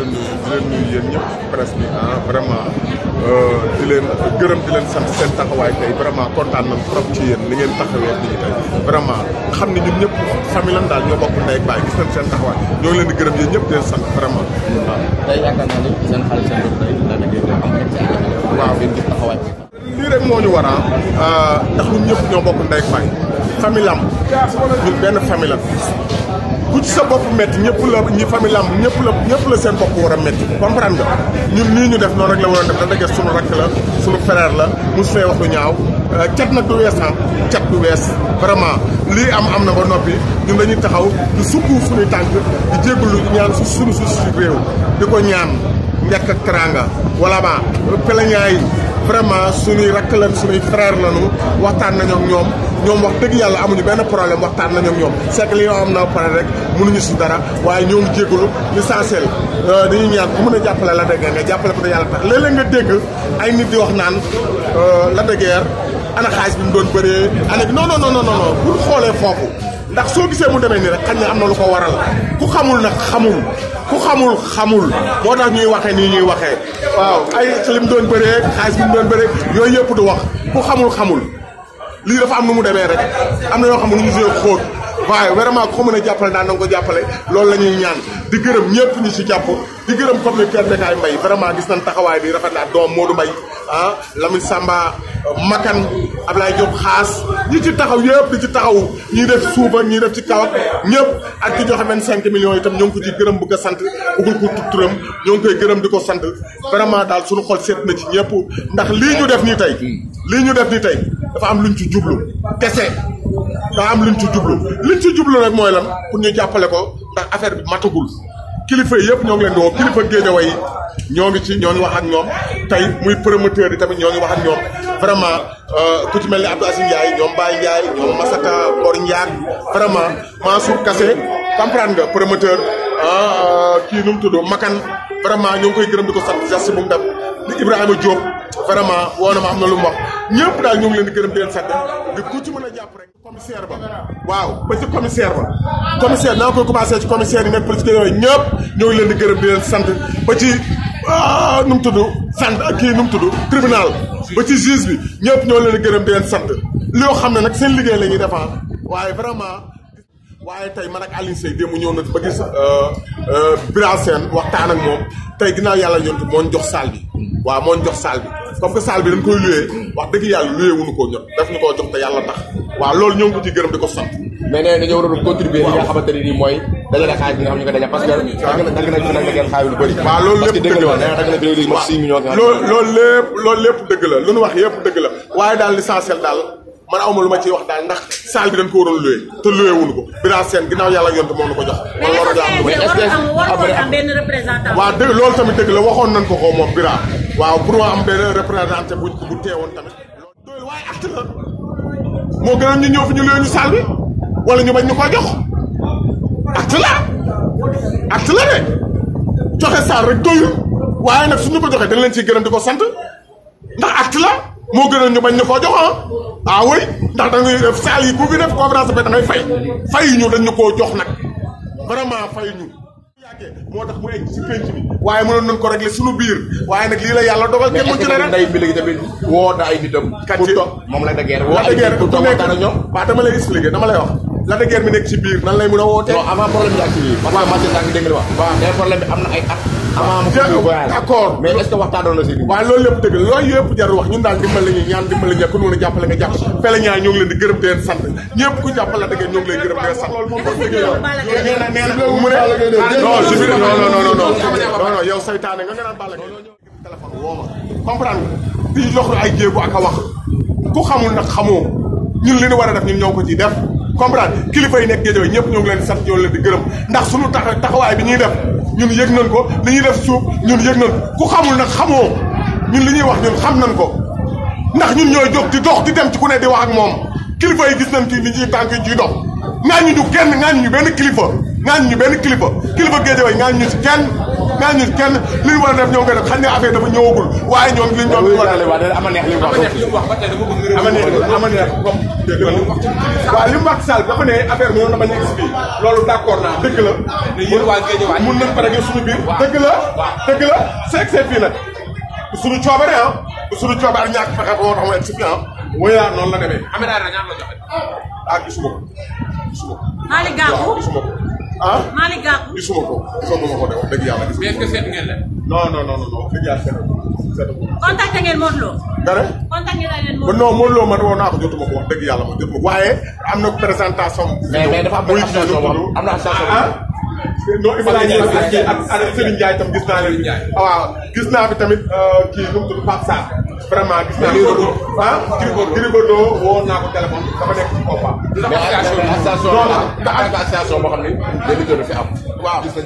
leen di leen nuyu yéen ñëpp presse bi ah, vraiment euh, di leen gërëm di leen sant seen taxawaay tey vraiment kontaan nañ trop ci yéen li ngeen taxawee nit ñi tey vraiment xam ne ñun ñëpp famille lan daal ñoo bokk ndey ak baay gis nañ seen taxawaay ñoo ngi leen di gërëm yéen ñëpp di leen sant vraiment. waaw tey yaakaar naa ne seen xaalis seen bopp tey daanaka ñu am rek ci di taxawaay. lii rek moo ñu war a ah, ah, ndax ñun ñëpp ñoo bokk ndey ak baay am ñun benn famille lan ku ci sa bopp metti ñëpp la ñi famille lamb ñëpp la ñëpp la seen bopp war a metti comprendre nga ñun nii ñu def noonu rek la waroon def da daje sunu rakk la sunu frère la mu fee wax lu ñaaw euh, cat nag du wees am cat du wees vraiment lii am am na ba noppi ñun dañuy taxaw di sukku suñuy tànk di jéggulu ñaan su sunu su si réew di ko ñaan nekk ak teranga wala ba pelañaa yi vraiment suñuy rakk lan suñuy frère lanu waxtaan nañu ak ñoom wax dëgg yàlla amuñu benn problème waxtaan nañu ak ñoom c'est que li ñoo am na pare rek mënuñu si dara waaye ñoo ngi jégalu l'essentiel euh, dañuy ñaan ku mën a jàppale la dëgg nga jàppale ko te yàlla tax léeg nga dégg ay nit di wax naan euh, la dëggeer ana xaalis bi mu doon bëree ana non non non non non pour xoolee foofu ndax soo gisee mu demee nii rek xañ na am na lu ko waral ku xamul nag xamul ku xamul xamul moo tax ñuy waxee nii ñuy waxee waaw ay li mu doon bëree xaalis bi mu doon bëree yooyu yëpp du wax ku xamul xamul lii dafa am nu mu demee rek am na yoo xam ne nu mu see xóot waaye vraiment ku ko mën a jàppale daan na ko jàppale loolu la ñuy ñaan di gërëm ñëpp ñu si jàpp di gërëm comme ni Père Bécaye mbay vraiment gis nañ taxawaay bi rafet na ak doom Modou Mbaye ah Lamine Samba Makan laay Diop xaas ñi ci taxaw yëpp di ci taxaw ñi def suuba ñii def ci kaw ak ak ki joxe 25 millions itam ñoo ngi ko ci gërëm bu sant bëggul ko turam ñoo ngi koy gërëm di ko sant vraiment daal suñu xol seet na ci ñëpp ndax lii ñu def nii tey li ñu def ni tay dafa am luñ ci djublu kese da am luñ ci djublu luñ ci djublu rek moy lan pour ñu jappalé ko ndax affaire bi matagul kilifa yépp ñong leen do kilifa géejawa way ñong ci ñoo wax ak ñom tay muy promoteur yi tamit ñoo wax ak ñom vraiment euh, ku ci melni Abdou assim yaay ñom Baye yaay ñom massaka Bor Ndiaye vraiment Mansour Kassé comprendre nga promoteur ah euh, ki mu tuddo Makan vraiment ñong koy gërëm di sant geste bu mu Ibrahima Diop vraiment lu wax ñëpp daal ñu ngi leen di gërëm di leen sant di ku ci mën a jàpp rek. commissaire ba waaw ba ci commissaire ba commissaire naa koy commencé ci commissaire yi nekk ñëpp ñu ngi leen di gërëm di sant ba ci ah, nu mu tudd sant ak kii nu mu tudd tribunal ba ci juge bi ñëpp ñoo leen di gërëm di leen sant loo xam ne nag seen liggéey la ñuy ah. waaye vraiment. waaye tey ma nag Alioune Seye démb ñëw na ba gis euh, euh, Bira Sène waxtaan nag moom tey ginnaaw yàlla yontu moo ñu jox saal bi waaw moo ñu jox saal bi comme que salle bi dañ koy loué wax dëgg yàlla loué wuñu koo jot daf ñu koo jox te yàlla tax waaw loolu ñëw ko ci gërëm di ko sant mais nee ne nii mooy bi nga xam xaalis lu bëri waaw loolu lépp dëgg la lu ñu wax yëpp dëgg la waaye daal l'essentiel daal man awma lu ma ciy wax daal ndax salle bi dañ ko waroon loué te loué wuñu ko bi daa seen ginnaaw yàlla ak yoon te moom la jox man loolu laa benn représentant. waaw dëgg loolu tamit dëgg la waxoon nañ ko ko moom Bira waaw pour ma am benn représentant bu bu teewoon tamit. loolu waaye acte la moo gënoon ni ñëw fi ñu leen saal bi wala ñu bañ ñu ko jox acte la acte la de nag suñu ko joxee dañ leen ciy gërëm di ko sant ndax acte la moo gënoon ñu bañ ñu ko jox ah, ah oui ndax dañuy def saal yi ku fi def conférence bi da ngay fay fay ñu dañ ñu koo jox nag vraiment fay ñu. moo tax mu egg ci penc bi waaye mënoon nañ ko régler suñu biir waaye nag lii la yàlla dogal kenn mën ci dara ndey bi léegi tamit woo na ay nitam. kat ci moom la da guerre woo ay nitam ku toog waxtaan ak ñoom waaw dama lay expliquer dama la wax la de guerre mi nek ci biir nan lay mëna woté non avant problème ya ci biir. avant ma seen tànk dégg nga wax. waaw mais problème bi am ay at. avant mu ko voyage d' mais est ce que waxtaanoon na si nii. waaw loolu lépp dëgg la loolu yëpp wax ñun dal dimbal la ñaan dimbal la ñuy ku ñu jappalé nga japp fele ñaa ñu ngi leen di gërëm di sant ñepp ku jàppale da ngeen ñu ngi leen gërëm nga sant. lolou mo nee deug mu non je non non non non non non yow saytane nga nga naan bàll téléphone woo comprendre di loxu ay djébu ak wax ku xamul nak xamoo ñun li ñu wara def ñun ñoko ci def comprendre kilifa yi nekk géej yooyu ñëpp ñoo ngi leen di sant ñoo leen di gërëm ndax suñu tax bi ñuy def ñun yëg nañ ko li ñuy def suuf ñun yëg nañ ku xamul nag xamoo ñun li ñuy wax ñun xam nañ ko ndax ñun ñooy jóg di dox di dem ci ku ne di wax moom kilifa yi gis nañ kii li ciy tànk yi ciy dox ŋaañu ñu kenn ŋaañu ñu benn kilifa ŋaañu ñu benn kilifa kilifa géej yooyu ŋaañu ñu si kenn mais nit kenn li ñu war a def ñoo ngi koy def xañ na affaire dafa ñëwagul waaye ñoom li ñoom li ñu war a def waaye ama neex li mu wax ama neex ama neex wax dëgg la waaw li mu wax Sall dafa ne affaire bi loolu d'accord naa dëgg mun nañ ko régler suñu biir dëgg la dëgg la c'est que c'est fii nag suñu coobare ah suñu coobare ñàkk fexe ba moo tax mu egg si ah Malick Gakou gisuma ko gisuma ko de wax dëgg yàlla gisuma ko. mais est-ce que seet ngeen leen. non non non non wax dëgg yàlla man woo naa ko jotuma ko wax dëgg yàlla ma jotuma ko waaye am na présentation. mais mais dafa am benn abstation am na abstation ah? boo non tam gis naa leen. Ah, waaw gis naa fi tamit euh, kii nu mu tudd vraiment gis naa ko ah Giribaudo woo naa ko am. waaw gis ah,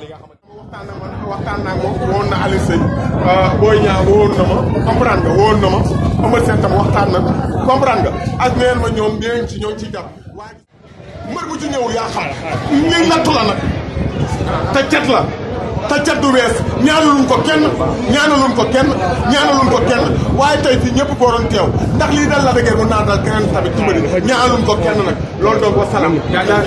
li nga xamante waxtaan na man waxtaan naa moom woon na Aliou Seye ah, booy ñaa woon na ma woon na ma Amady waxtaan na comprendre nga ak neen ma ñoom ñooñu ci ñoo ciy jàpp. waaye mbër ci ñëw yaa xam. lii nattu la nag te cet la. te cat du wees ñaanaluñ ko kenn ñaanaluñ ko kenn ñaanaluñ ko kenn waaye tey fii ñëpp booroon teew ndax lii dal la dëgër mën naa dal keneen tamit ci mbëri ñaanaluñ ko kenn nag loolu donc wasalaam